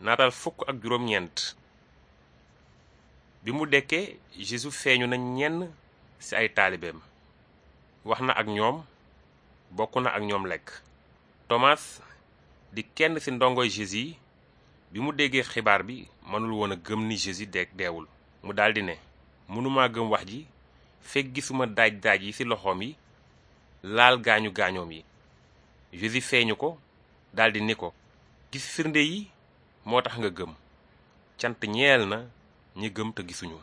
nataal fukk ak juróom bi mu dekkee Jésus feeñu na ñenn ci ay taalibeem wax na ak ñoom bokk na ak ñoom lekk tomas di kenn ci ndongoy Jésus yi bi mu déggee xibaar bi mënul woon a gëm ni Jésus de deewul mu daldi ne mënumaa gëm wax ji fekk gisuma daaj daaj yi ci loxoom yi laal gaañu gaañoom yi Jésus feeñu ko daldi ni ko gis firnde yi moo tax nga gëm cant ñeel na ñi gëm te gisuñu